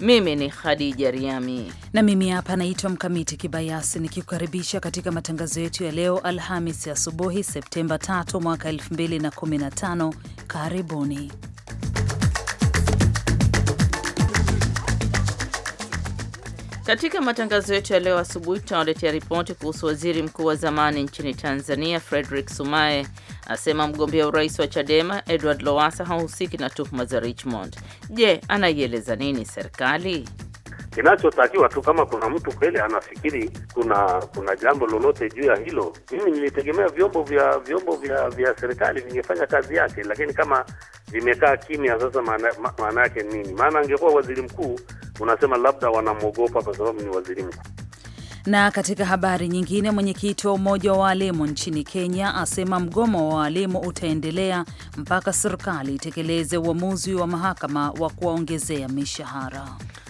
Mimi ni Khadija Riami na mimi hapa naitwa Mkamiti Kibayasi nikikukaribisha katika matangazo yetu ya leo Alhamisi asubuhi Septemba 3 mwaka 2015. Karibuni. Katika matangazo yetu ya leo asubuhi tunawaletea ripoti kuhusu waziri mkuu wa zamani nchini Tanzania Frederick Sumaye asema mgombea urais wa Chadema Edward lowasa hahusiki na tuhuma za Richmond. Je, anaieleza nini serikali? Kinachotakiwa tu kama kuna mtu kweli anafikiri kuna kuna jambo lolote juu ya hilo, mimi nilitegemea vyombo vya vyombo vya vya serikali vingefanya kazi yake, lakini kama vimekaa kimya, sasa maana yake nini? Maana angekuwa waziri mkuu, unasema labda wanamwogopa kwa sababu ni waziri mkuu. Na katika habari nyingine, mwenyekiti wa umoja wa waalimu nchini Kenya asema mgomo wa waalimu utaendelea mpaka serikali itekeleze uamuzi wa mahakama wa kuwaongezea mishahara.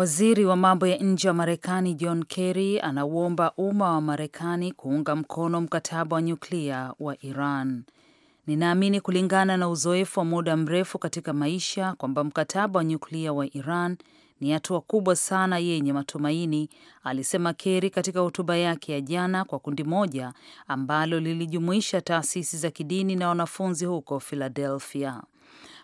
Waziri wa mambo ya nje wa Marekani John Kerry anauomba umma wa Marekani kuunga mkono mkataba wa nyuklia wa Iran. Ninaamini kulingana na uzoefu wa muda mrefu katika maisha kwamba mkataba wa nyuklia wa Iran ni hatua kubwa sana yenye matumaini, alisema Kerry katika hotuba yake ya jana kwa kundi moja ambalo lilijumuisha taasisi za kidini na wanafunzi huko Philadelphia.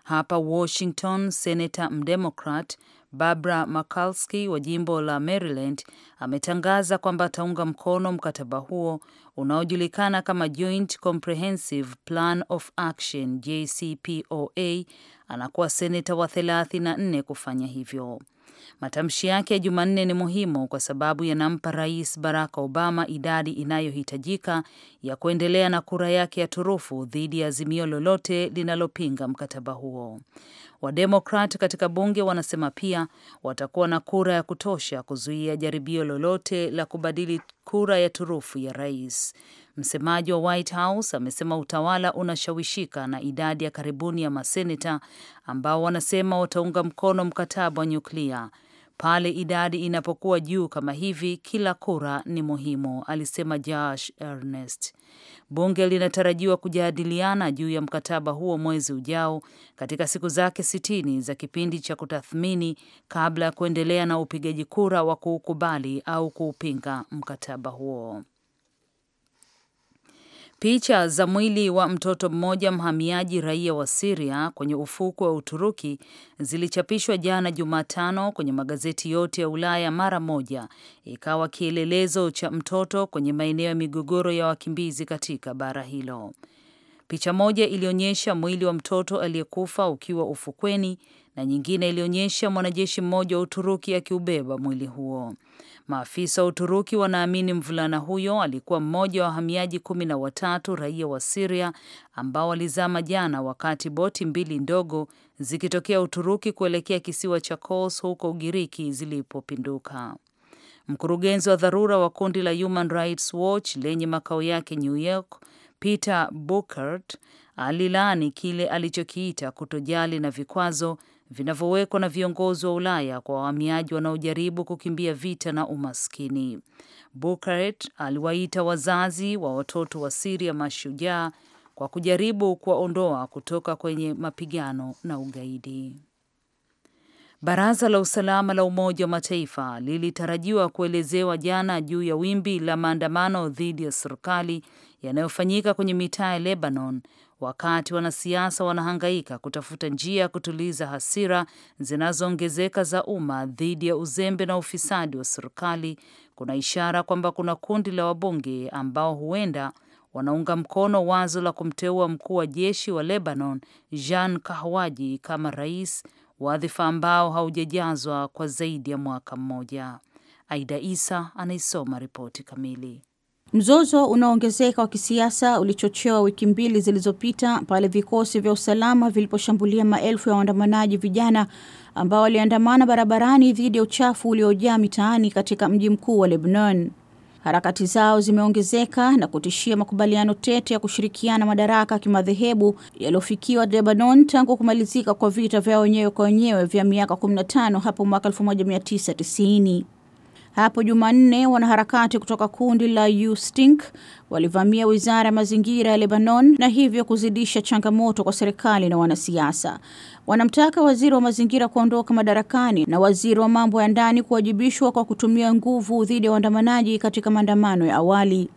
Hapa Washington, senata mdemokrat Barbara makalski wa jimbo la Maryland ametangaza kwamba ataunga mkono mkataba huo unaojulikana kama Joint Comprehensive Plan of Action JCPOA. Anakuwa seneta wa 34 kufanya hivyo. Matamshi yake ya Jumanne ni muhimu kwa sababu yanampa Rais Barack Obama idadi inayohitajika ya kuendelea na kura yake ya turufu dhidi ya azimio lolote linalopinga mkataba huo. Wademokrat katika bunge wanasema pia watakuwa na kura ya kutosha kuzuia jaribio lolote la kubadili kura ya turufu ya rais. Msemaji wa White House amesema utawala unashawishika na idadi ya karibuni ya maseneta ambao wanasema wataunga mkono mkataba wa nyuklia pale idadi inapokuwa juu kama hivi, kila kura ni muhimu, alisema Josh ernest Bunge linatarajiwa kujadiliana juu ya mkataba huo mwezi ujao katika siku zake sitini za kipindi cha kutathmini kabla ya kuendelea na upigaji kura wa kuukubali au kuupinga mkataba huo. Picha za mwili wa mtoto mmoja mhamiaji raia wa Siria kwenye ufukwe wa Uturuki zilichapishwa jana Jumatano kwenye magazeti yote ya Ulaya mara moja, ikawa kielelezo cha mtoto kwenye maeneo ya migogoro ya wakimbizi katika bara hilo. Picha moja ilionyesha mwili wa mtoto aliyekufa ukiwa ufukweni na nyingine ilionyesha mwanajeshi mmoja wa Uturuki akiubeba mwili huo. Maafisa wa Uturuki wanaamini mvulana huyo alikuwa mmoja wa wahamiaji kumi na watatu raia wa Siria ambao walizama jana wakati boti mbili ndogo zikitokea Uturuki kuelekea kisiwa cha Kos huko Ugiriki zilipopinduka. Mkurugenzi wa dharura wa kundi la Human Rights Watch lenye makao yake New York, Peter Bukart alilaani kile alichokiita kutojali na vikwazo vinavyowekwa na viongozi wa Ulaya kwa wahamiaji wanaojaribu kukimbia vita na umaskini. Bukaret aliwaita wazazi wa watoto wa Siria mashujaa kwa kujaribu kuwaondoa kutoka kwenye mapigano na ugaidi. Baraza la usalama la Umoja wa Mataifa lilitarajiwa kuelezewa jana juu ya wimbi la maandamano dhidi ya serikali yanayofanyika kwenye mitaa ya Lebanon wakati wanasiasa wanahangaika kutafuta njia ya kutuliza hasira zinazoongezeka za umma dhidi ya uzembe na ufisadi wa serikali, kuna ishara kwamba kuna kundi la wabunge ambao huenda wanaunga mkono wazo la kumteua mkuu wa jeshi wa Lebanon Jean Kahwaji kama rais, wadhifa ambao haujajazwa kwa zaidi ya mwaka mmoja. Aida Isa anaisoma ripoti kamili. Mzozo unaoongezeka wa kisiasa ulichochewa wiki mbili zilizopita pale vikosi vya usalama viliposhambulia maelfu ya waandamanaji vijana ambao waliandamana barabarani dhidi ya uchafu uliojaa mitaani katika mji mkuu wa Lebanon. Harakati zao zimeongezeka na kutishia makubaliano tete ya kushirikiana madaraka kimadhehebu yaliyofikiwa Lebanon tangu kumalizika kwa vita vya wenyewe kwa wenyewe vya miaka 15 hapo mwaka 1990. Hapo Jumanne, wanaharakati kutoka kundi la Ustink walivamia wizara ya mazingira ya Lebanon na hivyo kuzidisha changamoto kwa serikali na wanasiasa. Wanamtaka waziri wa mazingira kuondoka madarakani na waziri wa mambo ya ndani kuwajibishwa kwa kutumia nguvu dhidi ya waandamanaji katika maandamano ya awali.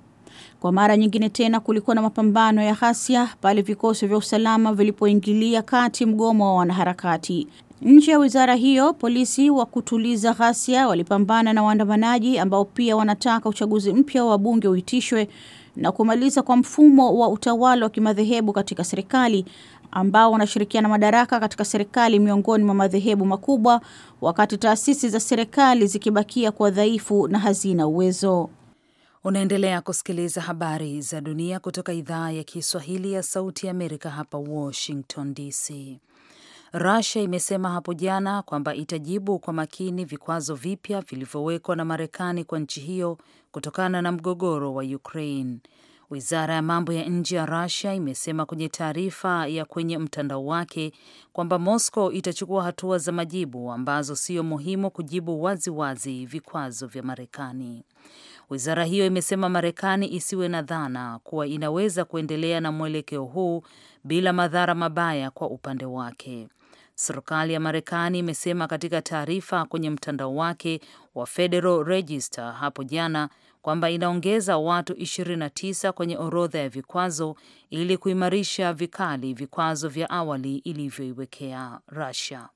Kwa mara nyingine tena kulikuwa na mapambano ya ghasia pale vikosi vya usalama vilipoingilia kati mgomo wa wanaharakati. Nje ya wizara hiyo, polisi wa kutuliza ghasia walipambana na waandamanaji ambao pia wanataka uchaguzi mpya wa bunge uitishwe na kumaliza kwa mfumo wa utawala wa kimadhehebu katika serikali ambao wanashirikiana madaraka katika serikali miongoni mwa madhehebu makubwa, wakati taasisi za serikali zikibakia kuwa dhaifu na hazina uwezo. Unaendelea kusikiliza habari za dunia kutoka idhaa ya Kiswahili ya Sauti ya Amerika hapa Washington DC. Russia imesema hapo jana kwamba itajibu kwa makini vikwazo vipya vilivyowekwa na Marekani kwa nchi hiyo kutokana na mgogoro wa Ukraine. Wizara ya mambo ya nje ya Russia imesema kwenye taarifa ya kwenye mtandao wake kwamba Moscow itachukua hatua za majibu ambazo sio muhimu kujibu waziwazi wazi vikwazo vya Marekani. Wizara hiyo imesema Marekani isiwe na dhana kuwa inaweza kuendelea na mwelekeo huu bila madhara mabaya kwa upande wake. Serikali ya Marekani imesema katika taarifa kwenye mtandao wake wa Federal Register hapo jana kwamba inaongeza watu 29 kwenye orodha ya vikwazo ili kuimarisha vikali vikwazo vya awali ilivyoiwekea Russia.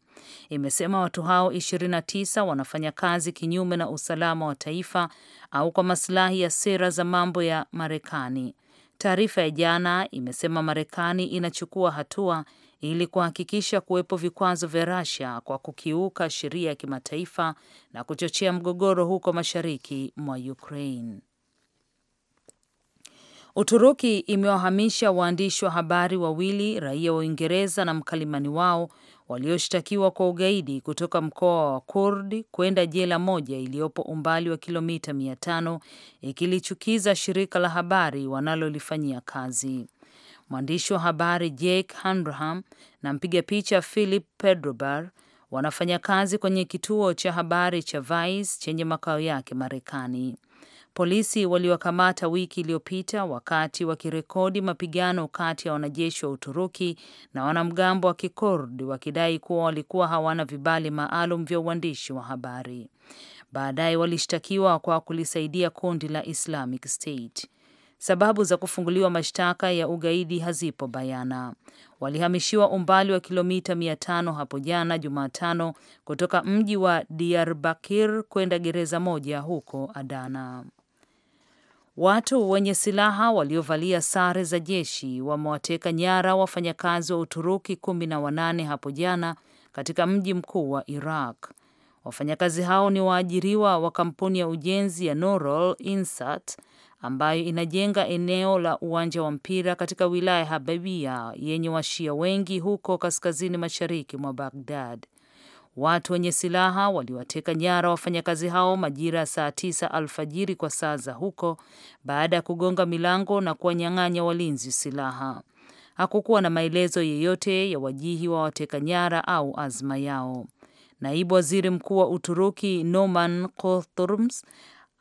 Imesema watu hao 29 wanafanya kazi kinyume na usalama wa taifa au kwa masilahi ya sera za mambo ya Marekani. Taarifa ya jana imesema Marekani inachukua hatua ili kuhakikisha kuwepo vikwazo vya Russia kwa kukiuka sheria ya kimataifa na kuchochea mgogoro huko mashariki mwa Ukraine. Uturuki imewahamisha waandishi wa habari wawili raia wa Uingereza na mkalimani wao walioshtakiwa kwa ugaidi kutoka mkoa wa Kurdi kwenda jela moja iliyopo umbali wa kilomita mia tano ikilichukiza shirika la habari wanalolifanyia kazi. Mwandishi wa habari Jake Hanraham na mpiga picha Philip Pedrobar wanafanya kazi kwenye kituo cha habari cha Vice chenye makao yake Marekani. Polisi waliwakamata wiki iliyopita wakati wakirekodi mapigano kati ya wanajeshi wa Uturuki na wanamgambo wa Kikurdi wakidai kuwa walikuwa hawana vibali maalum vya uandishi wa habari. Baadaye walishtakiwa kwa kulisaidia kundi la Islamic State. Sababu za kufunguliwa mashtaka ya ugaidi hazipo bayana. Walihamishiwa umbali wa kilomita mia tano hapo jana Jumatano kutoka mji wa Diyarbakir kwenda gereza moja huko Adana. Watu wenye silaha waliovalia sare za jeshi wamewateka nyara wafanyakazi wa Uturuki kumi na wanane hapo jana katika mji mkuu wa Iraq. Wafanyakazi hao ni waajiriwa wa kampuni ya ujenzi ya Noral Insat ambayo inajenga eneo la uwanja wa mpira katika wilaya Hababia yenye washia wengi huko kaskazini mashariki mwa Bagdad. Watu wenye silaha waliwateka nyara wafanyakazi hao majira ya saa tisa alfajiri kwa saa za huko, baada ya kugonga milango na kuwanyang'anya walinzi silaha. Hakukuwa na maelezo yeyote ya wajihi wa wateka nyara au azma yao. Naibu waziri mkuu wa Uturuki Norman Korturms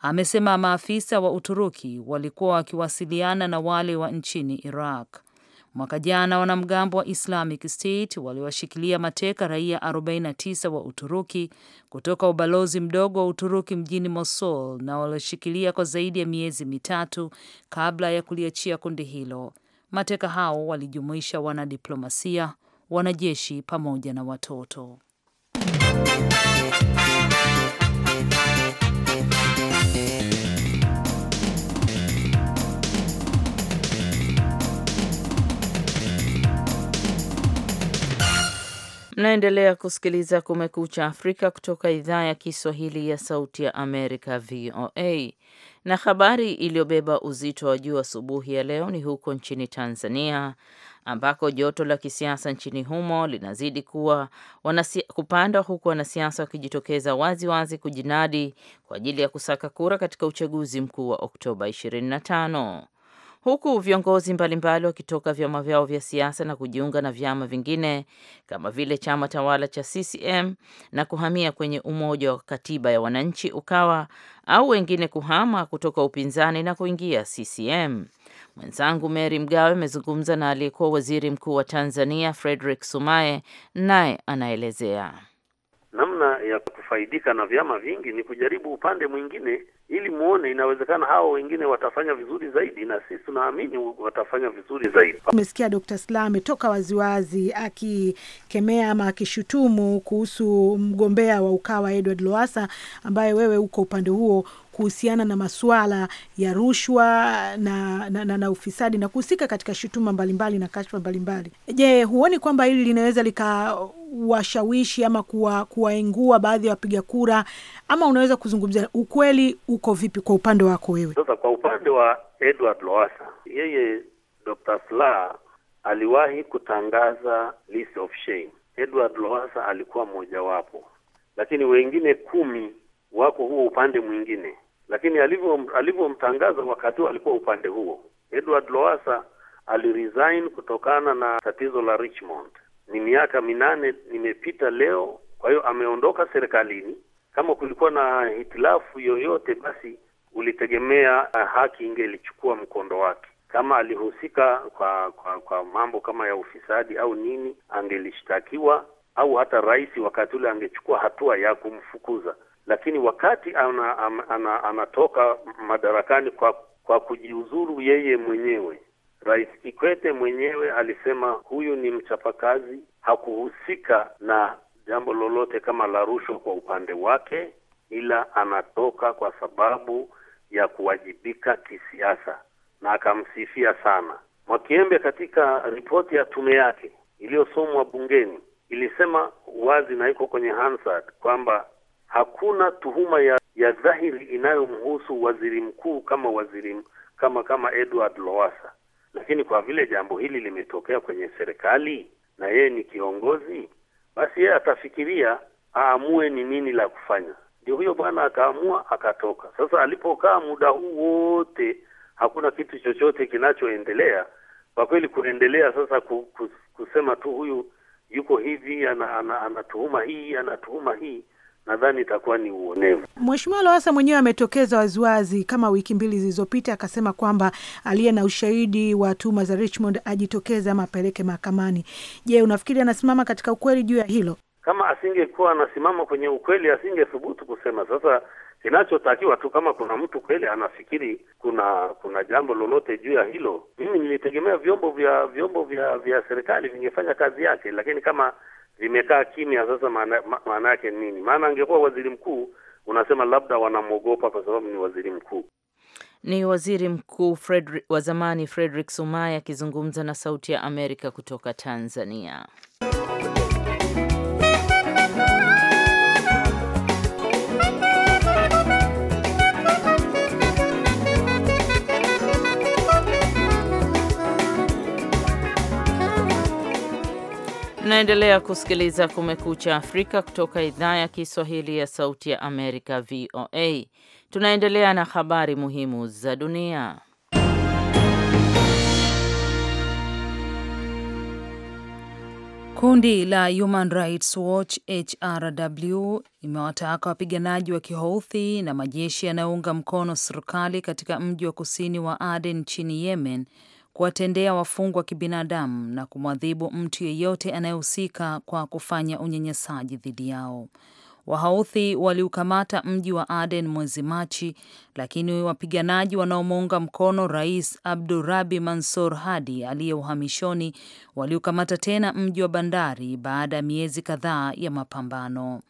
amesema maafisa wa Uturuki walikuwa wakiwasiliana na wale wa nchini Iraq. Mwaka jana wanamgambo wa Islamic State waliwashikilia mateka raia 49 wa Uturuki kutoka ubalozi mdogo wa Uturuki mjini Mosul na walioshikilia kwa zaidi ya miezi mitatu kabla ya kuliachia kundi hilo. Mateka hao walijumuisha wanadiplomasia, wanajeshi pamoja na watoto. Mnaendelea kusikiliza Kumekucha Afrika kutoka idhaa ya Kiswahili ya Sauti ya Amerika, VOA. Na habari iliyobeba uzito wa juu asubuhi ya leo ni huko nchini Tanzania, ambako joto la kisiasa nchini humo linazidi kuwa wanasi, kupanda huku wanasiasa wakijitokeza wazi wazi kujinadi kwa ajili ya kusaka kura katika uchaguzi mkuu wa Oktoba 25 huku viongozi mbalimbali wakitoka vyama vyao vya siasa na kujiunga na vyama vingine kama vile chama tawala cha CCM na kuhamia kwenye Umoja wa Katiba ya Wananchi Ukawa, au wengine kuhama kutoka upinzani na kuingia CCM. Mwenzangu Mary Mgawe amezungumza na aliyekuwa Waziri Mkuu wa Tanzania Frederick Sumaye, naye anaelezea namna ya kufaidika na vyama vingi ni kujaribu upande mwingine ili muone inawezekana hao wengine watafanya vizuri zaidi, na sisi tunaamini watafanya vizuri zaidi. Umesikia Dr. Slaa ametoka waziwazi akikemea ama akishutumu kuhusu mgombea wa Ukawa Edward Lowassa ambaye wewe uko upande huo kuhusiana na masuala ya rushwa na, na, na, na ufisadi na kuhusika katika shutuma mbalimbali na kashfa mbalimbali. Je, huoni kwamba hili linaweza likawashawishi ama kuwaingua kuwa baadhi ya wapiga kura, ama unaweza kuzungumzia ukweli uko vipi kwa upande wako wewe? Sasa kwa upande wa Edward Lowassa, yeye Dr. Sla aliwahi kutangaza list of shame. Edward Lowassa alikuwa mmojawapo, lakini wengine kumi wako huo upande mwingine, lakini alivyomtangaza wakati huo alikuwa upande huo. Edward lowasa aliresign kutokana na tatizo la Richmond. Ni miaka minane nimepita leo, kwa hiyo ameondoka serikalini. Kama kulikuwa na hitilafu yoyote, basi ulitegemea uh, haki ingelichukua mkondo wake. Kama alihusika kwa, kwa kwa mambo kama ya ufisadi au nini, angelishtakiwa au hata rais wakati ule angechukua hatua ya kumfukuza lakini wakati ana, ana, ana, anatoka madarakani kwa, kwa kujiuzuru yeye mwenyewe, Rais Kikwete mwenyewe alisema huyu ni mchapakazi, hakuhusika na jambo lolote kama la rushwa kwa upande wake, ila anatoka kwa sababu ya kuwajibika kisiasa, na akamsifia sana Mwakiembe. Katika ripoti ya tume yake iliyosomwa bungeni, ilisema wazi na iko kwenye Hansard kwamba hakuna tuhuma ya, ya dhahiri inayomhusu waziri mkuu kama waziri kama kama Edward Lowassa, lakini kwa vile jambo hili limetokea kwenye serikali na yeye ni kiongozi, basi yeye atafikiria aamue ni nini la kufanya. Ndio huyo bwana akaamua akatoka. Sasa alipokaa muda huu wote hakuna kitu chochote kinachoendelea kwa kweli. Kuendelea sasa kusema tu huyu yuko hivi, ana, ana, ana hii anatuhuma hii nadhani itakuwa ni uonevu. Mheshimiwa Lowasa mwenyewe ametokeza waziwazi kama wiki mbili zilizopita, akasema kwamba aliye na ushahidi wa tuma za Richmond ajitokeze ama apeleke mahakamani. Je, unafikiri anasimama katika ukweli juu ya hilo? Kama asingekuwa anasimama kwenye ukweli, asingethubutu kusema. Sasa kinachotakiwa tu, kama kuna mtu kweli anafikiri kuna kuna jambo lolote juu ya hilo, mimi nilitegemea vyombo vya vyombo vya vya serikali vingefanya kazi yake, lakini kama limekaa kimya. Sasa maana yake nini? Maana angekuwa waziri mkuu, unasema labda wanamwogopa kwa sababu ni waziri mkuu. Ni waziri mkuu Fredri, wa zamani Frederick Sumaye akizungumza na Sauti ya Amerika kutoka Tanzania. Mnaendelea kusikiliza Kumekucha Afrika kutoka idhaa ya Kiswahili ya Sauti ya Amerika, VOA. Tunaendelea na habari muhimu za dunia. Kundi la Human Rights Watch HRW imewataka wapiganaji wa Kihouthi na majeshi yanayounga mkono serikali katika mji wa kusini wa Aden nchini Yemen kuwatendea wafungwa kibinadamu na kumwadhibu mtu yeyote anayehusika kwa kufanya unyanyasaji dhidi yao. wahauthi waliukamata mji wa Aden mwezi Machi, lakini wapiganaji wanaomuunga mkono Rais Abdurabi Mansor Hadi aliye uhamishoni waliukamata tena mji wa bandari baada ya miezi kadhaa ya mapambano.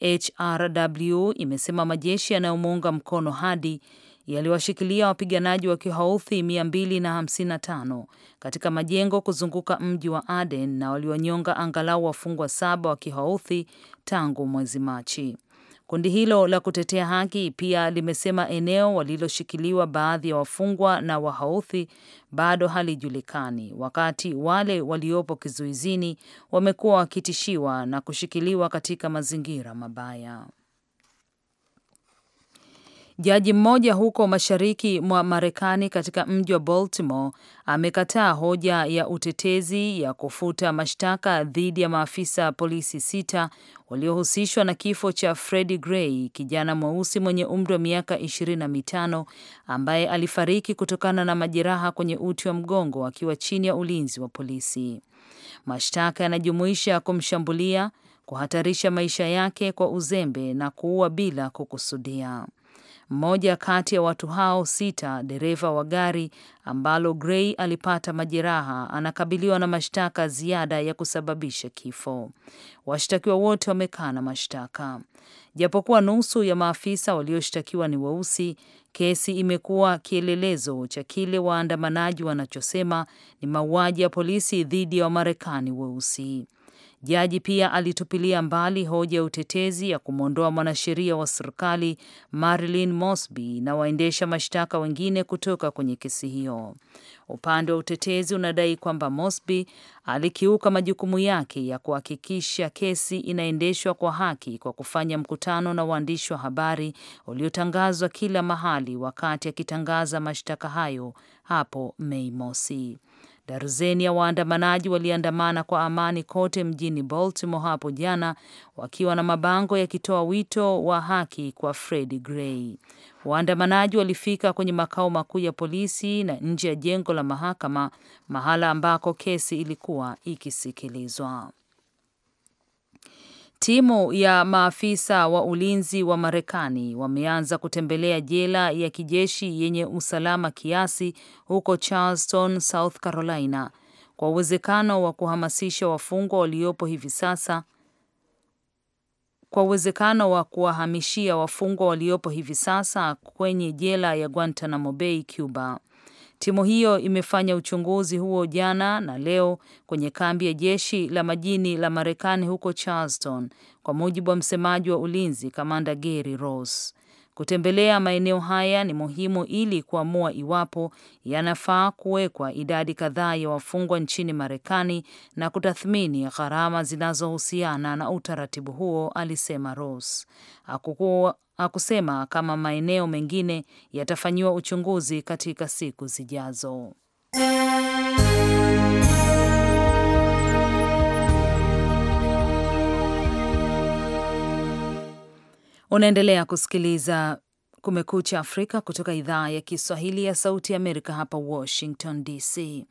HRW imesema majeshi yanayomuunga mkono Hadi yaliwashikilia wapiganaji wa kihouthi 255 katika majengo kuzunguka mji wa Aden na walionyonga angalau wafungwa saba wa kihouthi tangu mwezi Machi. Kundi hilo la kutetea haki pia limesema eneo waliloshikiliwa baadhi ya wafungwa na wahouthi bado halijulikani, wakati wale waliopo kizuizini wamekuwa wakitishiwa na kushikiliwa katika mazingira mabaya. Jaji mmoja huko mashariki mwa Marekani katika mji wa Baltimore amekataa hoja ya utetezi ya kufuta mashtaka dhidi ya maafisa polisi sita waliohusishwa na kifo cha Freddie Gray, kijana mweusi mwenye umri wa miaka ishirini na mitano ambaye alifariki kutokana na majeraha kwenye uti wa mgongo akiwa chini ya ulinzi wa polisi. Mashtaka yanajumuisha kumshambulia, kuhatarisha maisha yake kwa uzembe na kuua bila kukusudia. Mmoja kati ya watu hao sita, dereva wa gari ambalo Gray alipata majeraha, anakabiliwa na mashtaka ziada ya kusababisha kifo. Washtakiwa wote wamekana mashtaka. Japokuwa nusu ya maafisa walioshtakiwa ni weusi, kesi imekuwa kielelezo cha kile waandamanaji wanachosema ni mauaji ya polisi dhidi ya Wamarekani weusi. Jaji pia alitupilia mbali hoja ya utetezi ya kumwondoa mwanasheria wa serikali Marilyn Mosby na waendesha mashtaka wengine kutoka kwenye kesi hiyo. Upande wa utetezi unadai kwamba Mosby alikiuka majukumu yake ya kuhakikisha kesi inaendeshwa kwa haki kwa kufanya mkutano na waandishi wa habari uliotangazwa kila mahali wakati akitangaza mashtaka hayo hapo Mei Mosi. Darzeni ya waandamanaji waliandamana kwa amani kote mjini Baltimore hapo jana wakiwa na mabango yakitoa wito wa haki kwa Freddie Gray. Waandamanaji walifika kwenye makao makuu ya polisi na nje ya jengo la mahakama, mahala ambako kesi ilikuwa ikisikilizwa. Timu ya maafisa wa ulinzi wa Marekani wameanza kutembelea jela ya kijeshi yenye usalama kiasi huko Charleston, South Carolina, kwa uwezekano wa kuhamasisha wafungwa waliopo hivi sasa kwa uwezekano wa kuwahamishia wafungwa waliopo hivi sasa kwenye jela ya Guantanamo Bay, Cuba. Timu hiyo imefanya uchunguzi huo jana na leo kwenye kambi ya jeshi la majini la Marekani huko Charleston, kwa mujibu wa msemaji wa ulinzi Kamanda Gary Ross. Kutembelea maeneo haya ni muhimu ili kuamua iwapo yanafaa kuwekwa idadi kadhaa ya wafungwa nchini Marekani na kutathmini gharama zinazohusiana na utaratibu huo, alisema Ross. hakusema kama maeneo mengine yatafanyiwa uchunguzi katika siku zijazo. Unaendelea kusikiliza Kumekucha Afrika kutoka idhaa ya Kiswahili ya Sauti ya Amerika, hapa Washington DC.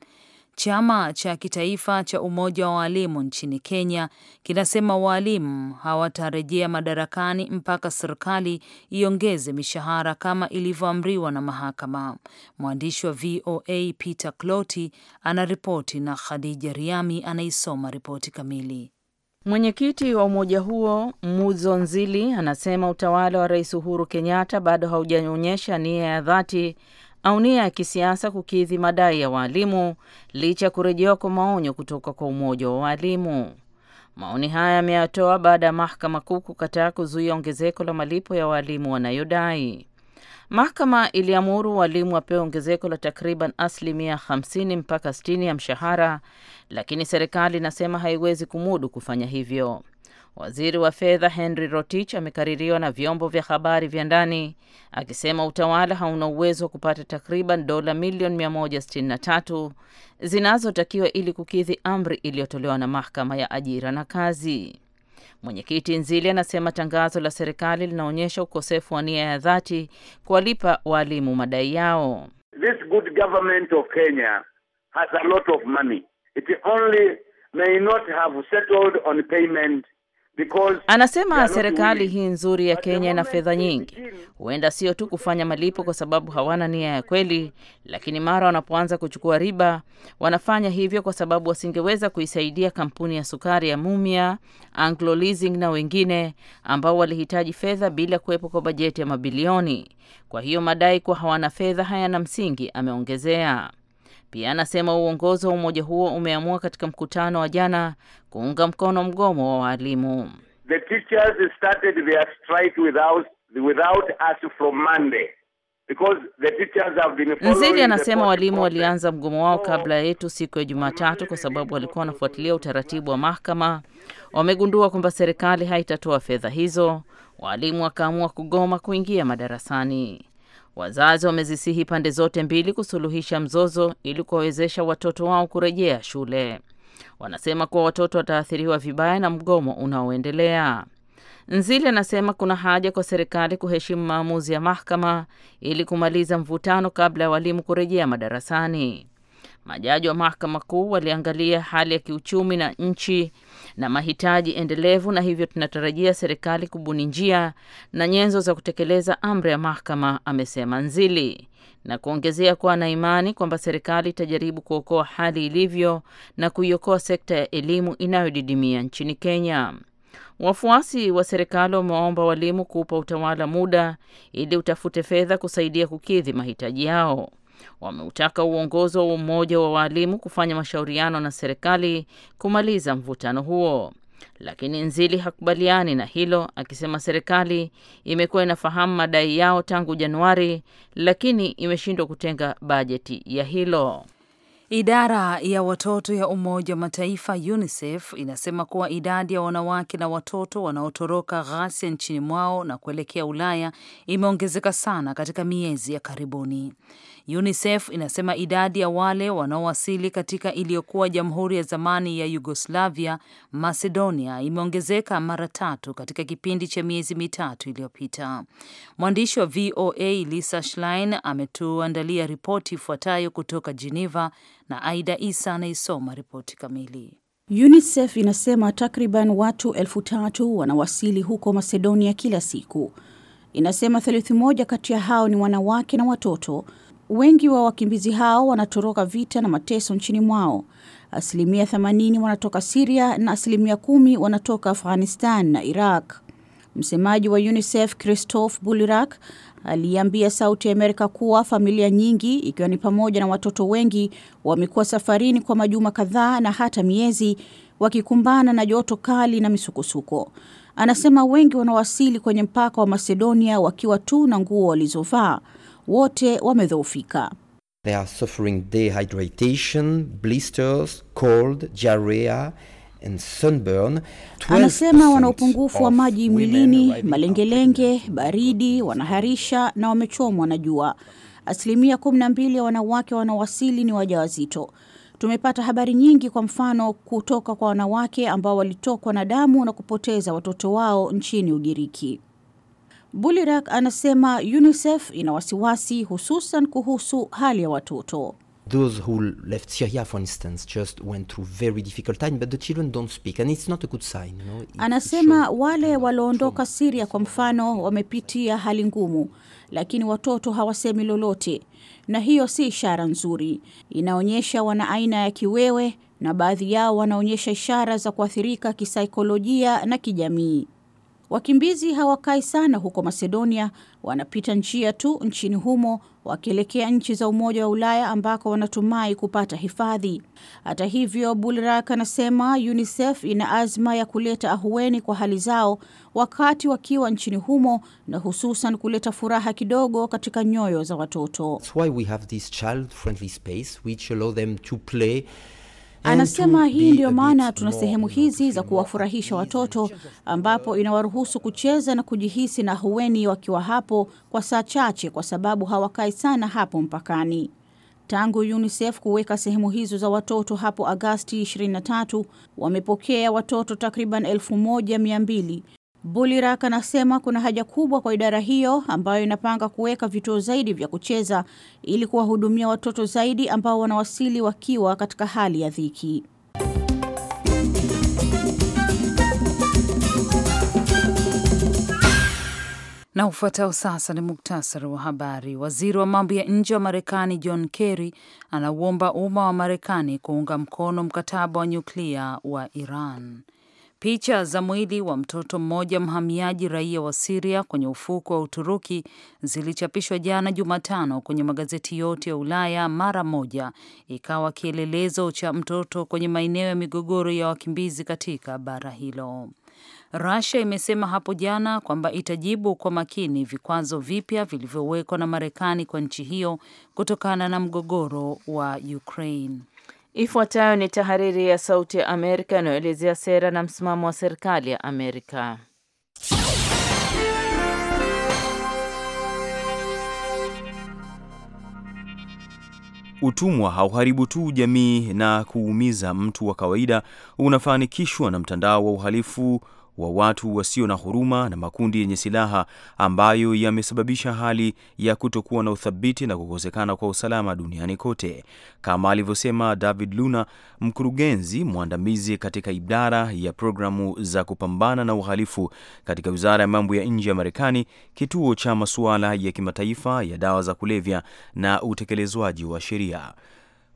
Chama cha kitaifa cha umoja wa waalimu nchini Kenya kinasema waalimu hawatarejea madarakani mpaka serikali iongeze mishahara kama ilivyoamriwa na mahakama. Mwandishi wa VOA Peter Cloti anaripoti na Khadija Riami anaisoma ripoti kamili. Mwenyekiti wa umoja huo Muzo Nzili anasema utawala wa Rais Uhuru Kenyatta bado haujaonyesha nia ya dhati au nia ya kisiasa kukidhi madai ya waalimu licha ya kurejewa kwa maonyo kutoka kwa umoja wa waalimu. Maoni haya ameyatoa baada ya mahakama kuu kukataa kuzuia ongezeko la malipo ya waalimu wanayodai. Mahakama iliamuru walimu wapewe ongezeko la takriban asilimia 50 mpaka 60 ya mshahara, lakini serikali inasema haiwezi kumudu kufanya hivyo. Waziri wa fedha Henry Rotich amekaririwa na vyombo vya habari vya ndani akisema utawala hauna uwezo wa kupata takriban dola milioni 163 zinazotakiwa ili kukidhi amri iliyotolewa na mahakama ya ajira na kazi. Mwenyekiti Nzili anasema tangazo la serikali linaonyesha ukosefu wa nia ya dhati kuwalipa waalimu madai yao. This good government of Kenya has a lot of money. It only may not have settled on payment Anasema serikali hii nzuri ya Kenya ina fedha nyingi, huenda sio tu kufanya malipo kwa sababu hawana nia ya kweli, lakini mara wanapoanza kuchukua riba wanafanya hivyo kwa sababu wasingeweza kuisaidia kampuni ya sukari ya Mumia, Anglo Leasing na wengine ambao walihitaji fedha bila kuwepo kwa bajeti ya mabilioni. Kwa hiyo madai kuwa hawana fedha hayana msingi, ameongezea. Pia anasema uongozi wa umoja huo umeamua katika mkutano wa jana kuunga mkono mgomo wa waalimu. The teachers started their strike without, without us from Monday. Nzili anasema walimu walianza mgomo wao kabla yetu siku ya Jumatatu kwa sababu walikuwa wanafuatilia utaratibu wa mahakama. Wamegundua kwamba serikali haitatoa fedha hizo, walimu wakaamua kugoma kuingia madarasani. Wazazi wamezisihi pande zote mbili kusuluhisha mzozo ili kuwawezesha watoto wao kurejea shule. Wanasema kuwa watoto wataathiriwa vibaya na mgomo unaoendelea. nzili anasema kuna haja kwa serikali kuheshimu maamuzi ya mahakama ili kumaliza mvutano kabla ya walimu kurejea madarasani. Majaji wa mahakama kuu waliangalia hali ya kiuchumi na nchi na mahitaji endelevu, na hivyo tunatarajia serikali kubuni njia na nyenzo za kutekeleza amri ya mahakama, amesema Nzili na kuongezea kuwa na imani kwamba serikali itajaribu kuokoa hali ilivyo na kuiokoa sekta ya elimu inayodidimia nchini Kenya. Wafuasi wa serikali wamewaomba walimu kuupa utawala muda ili utafute fedha kusaidia kukidhi mahitaji yao wameutaka uongozi wa umoja wa waalimu kufanya mashauriano na serikali kumaliza mvutano huo. Lakini Nzili hakubaliani na hilo, akisema serikali imekuwa inafahamu madai yao tangu Januari, lakini imeshindwa kutenga bajeti ya hilo. Idara ya watoto ya Umoja wa Mataifa UNICEF inasema kuwa idadi ya wanawake na watoto wanaotoroka ghasia nchini mwao na kuelekea Ulaya imeongezeka sana katika miezi ya karibuni. UNICEF inasema idadi ya wale wanaowasili katika iliyokuwa jamhuri ya zamani ya Yugoslavia, Macedonia, imeongezeka mara tatu katika kipindi cha miezi mitatu iliyopita. Mwandishi wa VOA Lisa Schlein ametuandalia ripoti ifuatayo kutoka Geneva na Aida Isa anaisoma ripoti kamili. UNICEF inasema takriban watu elfu tatu wanawasili huko Macedonia kila siku. Inasema theluthi moja kati ya hao ni wanawake na watoto Wengi wa wakimbizi hao wanatoroka vita na mateso nchini mwao. Asilimia 80 wanatoka Siria na asilimia kumi wanatoka Afghanistan na Iraq. Msemaji wa UNICEF Christophe Bulirak aliambia Sauti ya Amerika kuwa familia nyingi ikiwa ni pamoja na watoto wengi wamekuwa safarini kwa majuma kadhaa na hata miezi wakikumbana na joto kali na misukosuko. Anasema wengi wanawasili kwenye mpaka wa Masedonia wakiwa tu na nguo walizovaa wote wamedhoofika. They are suffering dehydration, blisters, cold, diarrhea and sunburn. Anasema wana upungufu wa maji mwilini, malengelenge, baridi, wanaharisha na wamechomwa na jua. Asilimia 12 ya wanawake wanaowasili ni wajawazito. Tumepata habari nyingi, kwa mfano, kutoka kwa wanawake ambao walitokwa na damu na kupoteza watoto wao nchini Ugiriki. Bulirak anasema UNICEF ina wasiwasi hususan kuhusu hali ya watoto. Those who left Syria for instance just went through very difficult time but the children don't speak and it's not a good sign, you know? Anasema wale walioondoka Syria kwa mfano wamepitia hali ngumu, lakini watoto hawasemi lolote, na hiyo si ishara nzuri. Inaonyesha wana aina ya kiwewe na baadhi yao wanaonyesha ishara za kuathirika kisaikolojia na kijamii. Wakimbizi hawakai sana huko Macedonia, wanapita njia tu nchini humo wakielekea nchi za Umoja wa Ulaya ambako wanatumai kupata hifadhi. Hata hivyo, Bulrak anasema UNICEF ina azma ya kuleta ahueni kwa hali zao wakati wakiwa nchini humo na hususan kuleta furaha kidogo katika nyoyo za watoto. That's why we have this child-friendly space which allow them to play Anasema hii ndiyo maana tuna sehemu hizi za kuwafurahisha watoto, ambapo inawaruhusu kucheza na kujihisi na hueni wakiwa hapo kwa saa chache, kwa sababu hawakai sana hapo mpakani. Tangu UNICEF kuweka sehemu hizo za watoto hapo Agasti 23, wamepokea watoto takriban 1200 Bulirak anasema kuna haja kubwa kwa idara hiyo ambayo inapanga kuweka vituo zaidi vya kucheza ili kuwahudumia watoto zaidi ambao wanawasili wakiwa katika hali ya dhiki. Na ufuatao sasa ni muktasari wa habari. Waziri wa mambo ya nje wa Marekani John Kerry anauomba umma wa Marekani kuunga mkono mkataba wa nyuklia wa Iran. Picha za mwili wa mtoto mmoja mhamiaji raia wa Siria kwenye ufuko wa Uturuki zilichapishwa jana Jumatano kwenye magazeti yote ya Ulaya mara moja, ikawa kielelezo cha mtoto kwenye maeneo ya migogoro ya wakimbizi katika bara hilo. Russia imesema hapo jana kwamba itajibu kwa makini vikwazo vipya vilivyowekwa na Marekani kwa nchi hiyo kutokana na mgogoro wa Ukraine. Ifuatayo ni tahariri ya Sauti ya Amerika inayoelezea sera na msimamo wa serikali ya Amerika. Utumwa hauharibu tu jamii na kuumiza mtu wa kawaida, unafanikishwa na mtandao wa uhalifu wa watu wasio na huruma na makundi yenye silaha ambayo yamesababisha hali ya kutokuwa na uthabiti na kukosekana kwa usalama duniani kote, kama alivyosema David Luna, mkurugenzi mwandamizi katika idara ya programu za kupambana na uhalifu katika Wizara ya Mambo ya Nje ya Marekani, kituo cha masuala ya kimataifa ya dawa za kulevya na utekelezwaji wa sheria.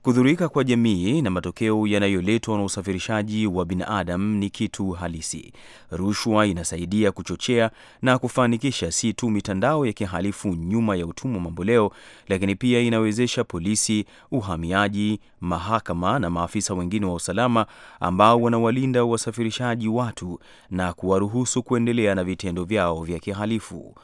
Kudhurika kwa jamii na matokeo yanayoletwa na usafirishaji wa binadamu ni kitu halisi. Rushwa inasaidia kuchochea na kufanikisha si tu mitandao ya kihalifu nyuma ya utumwa mamboleo, lakini pia inawezesha polisi, uhamiaji, mahakama na maafisa wengine wa usalama ambao wanawalinda wasafirishaji watu na kuwaruhusu kuendelea na vitendo vyao vya kihalifu.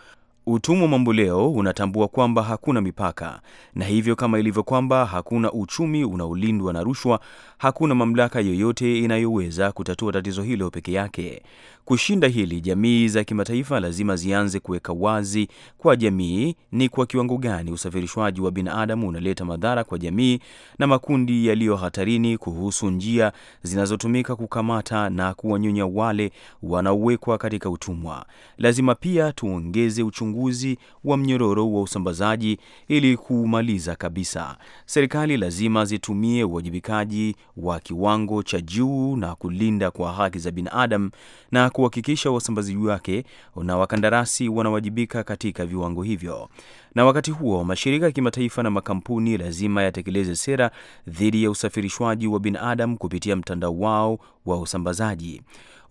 Utumwa mamboleo unatambua kwamba hakuna mipaka, na hivyo kama ilivyo kwamba hakuna uchumi unaolindwa na rushwa, hakuna mamlaka yoyote inayoweza kutatua tatizo hilo peke yake. Kushinda hili, jamii za kimataifa lazima zianze kuweka wazi kwa jamii ni kwa kiwango gani usafirishwaji wa binadamu unaleta madhara kwa jamii na makundi yaliyo hatarini, kuhusu njia zinazotumika kukamata na kuwanyonya wale wanaowekwa katika utumwa. Lazima pia tuongeze uchungu upunguzi wa mnyororo wa usambazaji ili kumaliza kabisa. Serikali lazima zitumie uwajibikaji wa kiwango cha juu na kulinda kwa haki za binadamu na kuhakikisha wasambazaji wake na wakandarasi wanawajibika katika viwango hivyo. Na wakati huo mashirika ya kimataifa na makampuni lazima yatekeleze sera dhidi ya usafirishwaji wa binadamu kupitia mtandao wao wa usambazaji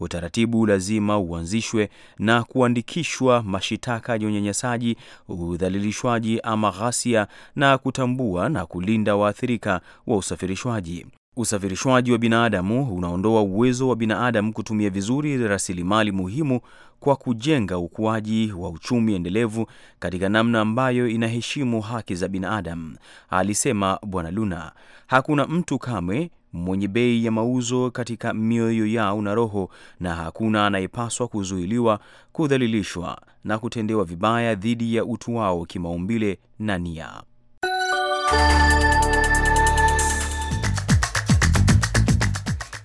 utaratibu lazima uanzishwe na kuandikishwa mashitaka ya unyanyasaji, udhalilishwaji ama ghasia, na kutambua na kulinda waathirika wa usafirishwaji. Usafirishwaji wa binadamu unaondoa uwezo wa binadamu kutumia vizuri rasilimali muhimu kwa kujenga ukuaji wa uchumi endelevu katika namna ambayo inaheshimu haki za binadamu, alisema Bwana Luna. Hakuna mtu kamwe mwenye bei ya mauzo katika mioyo yao na roho, na hakuna anayepaswa kuzuiliwa, kudhalilishwa na kutendewa vibaya dhidi ya utu wao kimaumbile na nia.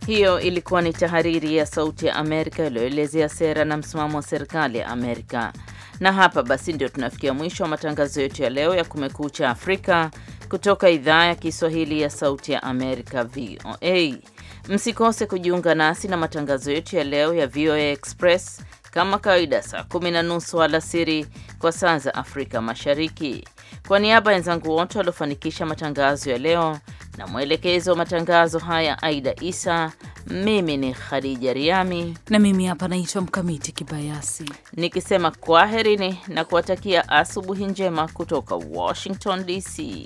Hiyo ilikuwa ni tahariri ya Sauti ya Amerika iliyoelezea sera na msimamo wa serikali ya Amerika. Na hapa basi ndio tunafikia mwisho wa matangazo yetu ya leo ya Kumekucha Afrika kutoka idhaa ya Kiswahili ya Sauti ya Amerika, VOA. Msikose kujiunga nasi na matangazo yetu ya leo ya VOA Express kama kawaida, saa kumi na nusu alasiri kwa saa za Afrika Mashariki. Kwa niaba ya wenzangu wote waliofanikisha matangazo ya leo, na mwelekezi wa matangazo haya Aida Isa. Mimi ni Khadija Riami na mimi hapa naitwa Mkamiti Kibayasi, nikisema kwaherini na kuwatakia asubuhi njema kutoka Washington DC.